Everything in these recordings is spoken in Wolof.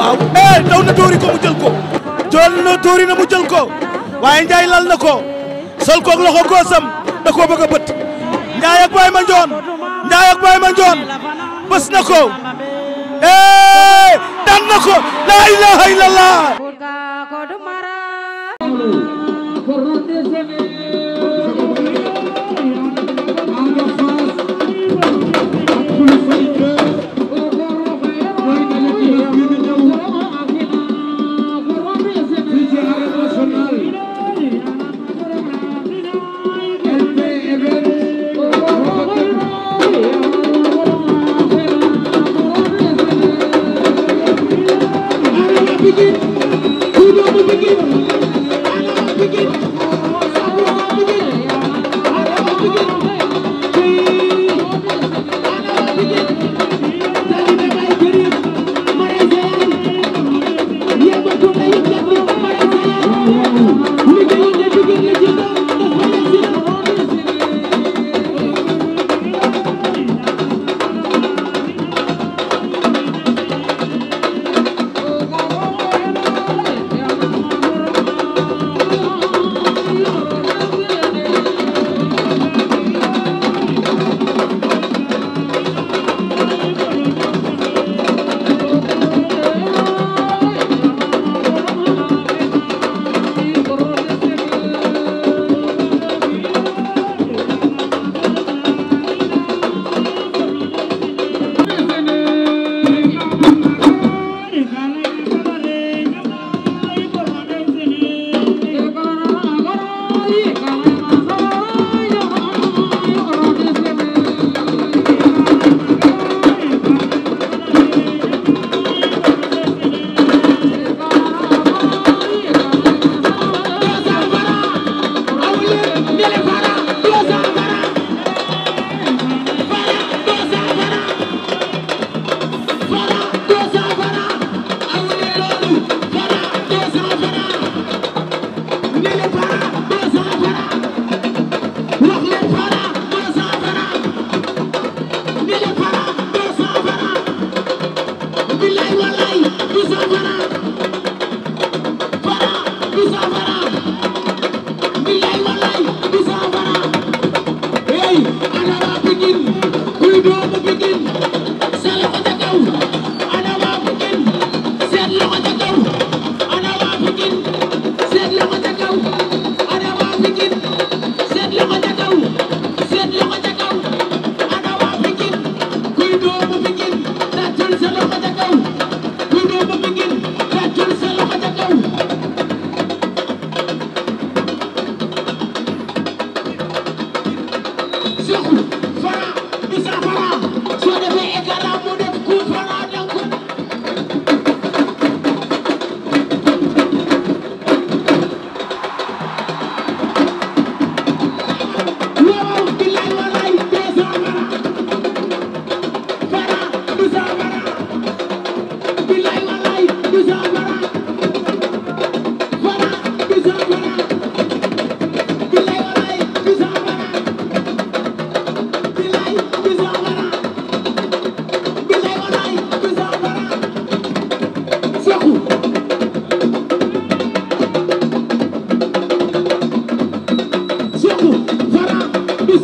waaw eh daw na dóori ko mu jël ko jël na dóori na mu ko waaye Ndiaye lal na ko sol koog loxo góosam da koo bëgg a bët Ndiaye ak Baye Mandione Ndiaye ak Baye Mandione bës na ko eh daan na ko la ilaha illallah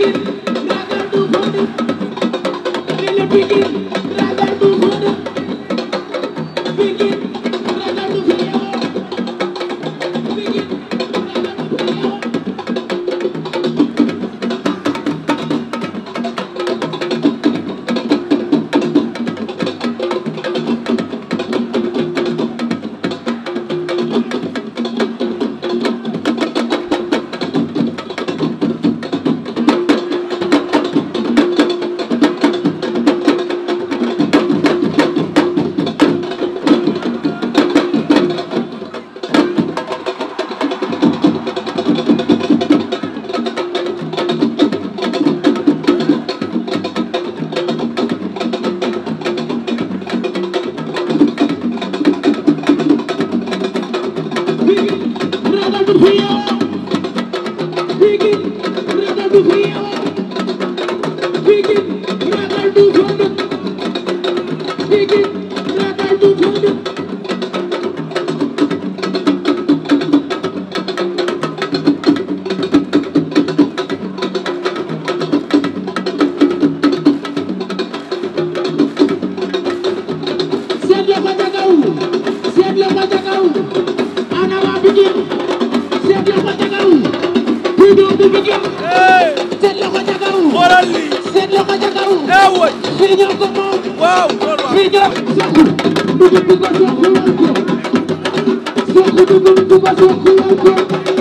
Pikin, Nagardu Bhoti, Lila Pikin. fii ñu ko moom. waaw loolu waaw fii ñu ko soxla. dugub bi ko soxla ko. soxla dugub bi ko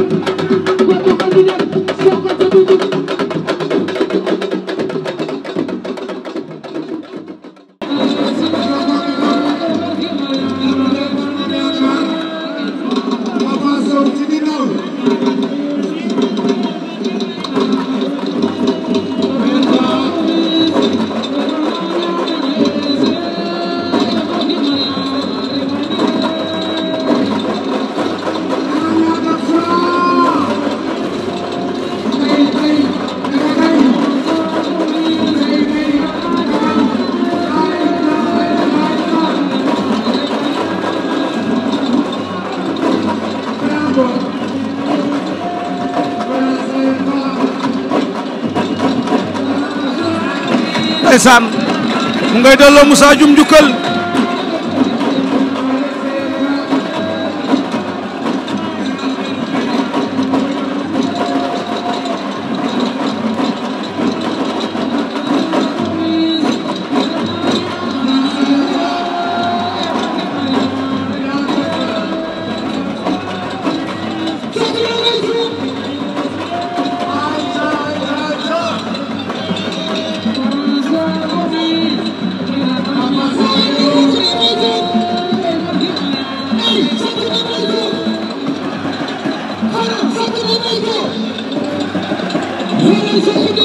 ndeysaan mu ngay delloo Moussa Dioum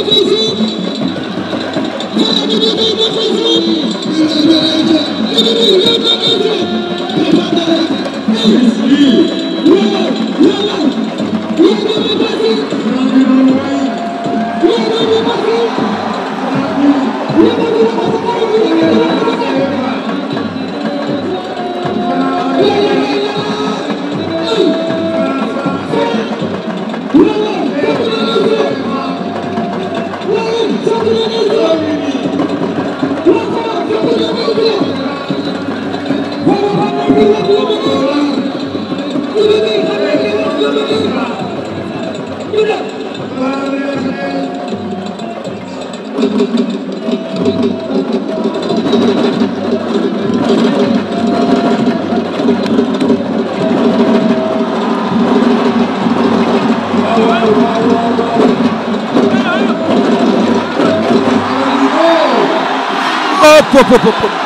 Thank you. Pop, pop, pop, pop.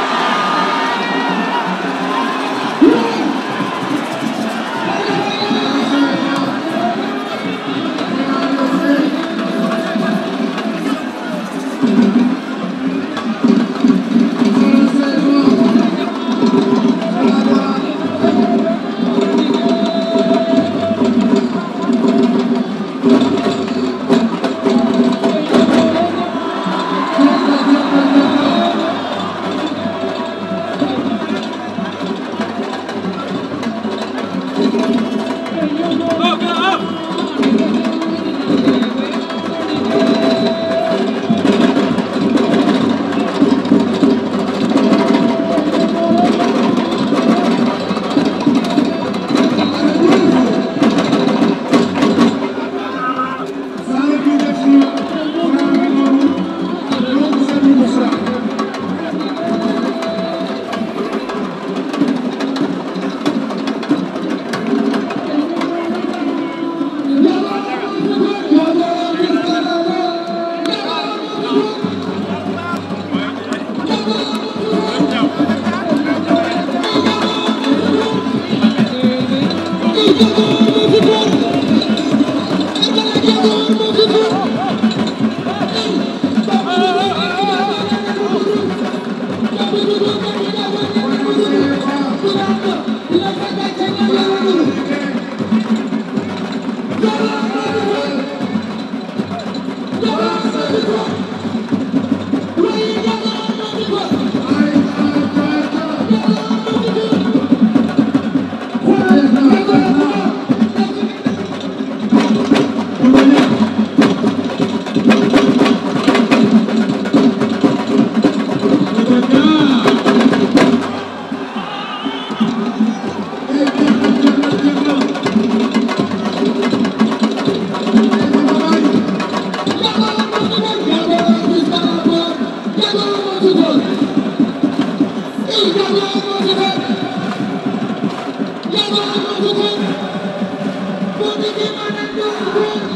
Budi Gimana Budi Gimana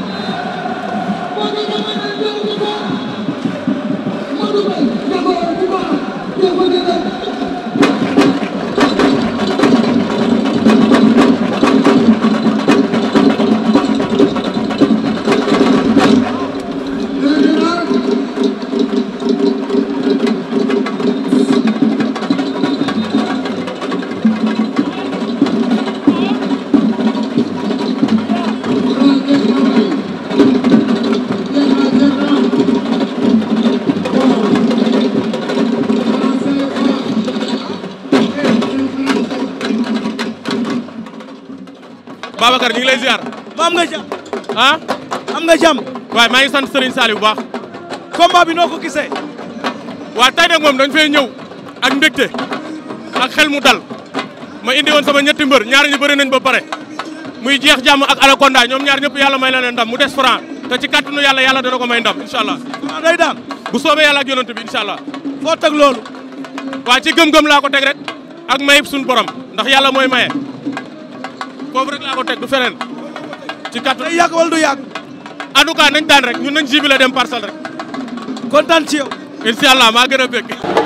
Babacar ñu ngi lay am nga jàmm. ah. am nga jàmm. waaye maa ngi sant sëriñ Saliou bu baax. combat bi noo ko gisee. waa tey nag moom dañ fay ñëw ak mbégte ak xel mu dal ma indi woon sama ñetti mbër ñaari ñu bëri nañ ba pare muy jeex jàmm ak Alakonda ñoom ñaar ñëpp yàlla may la leen ndam mu des franc te ci kàttanu yàlla yàlla de ko may ndam incha allah. day daan bu soobee yàlla ak yonent bi incha allah. foo teg loolu. waa ci gëm-gëm laa ko teg rek ak mayib suñu boro ndax yàlla mooy maye. foofu rek laa ko teg du feneen. ci kàttan day yàgg wala du yàgg. en tout cas nañ daan rek ñu nañ jibile dem parcelle rek. kontaan ci yow. incha allah maa gën a bëgg.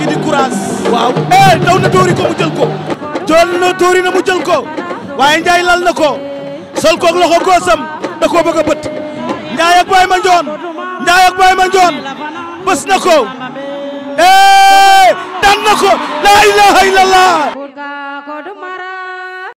ji di courage. waaw eh daw na dóori ko mu jël ko. jël na dóori na mu jël ko. waaye Ndiaye lal na ko. sol koog loxo góosam da koo bëgg a bët. Ndiaye ak Baye Mandione. Ndiaye ak Baye Mandione. bës na ko. eh daan na ko. la ilaha illallah.